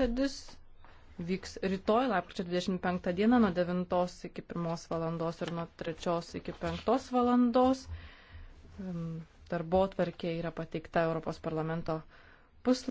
posėdis vyks rytoj, lapkričio 25 dieną, nuo 9 iki 1 valandos ir nuo 3 iki 5 valandos. Ehm, darbo tvarkė yra pateikta Europos parlamento puslapyje.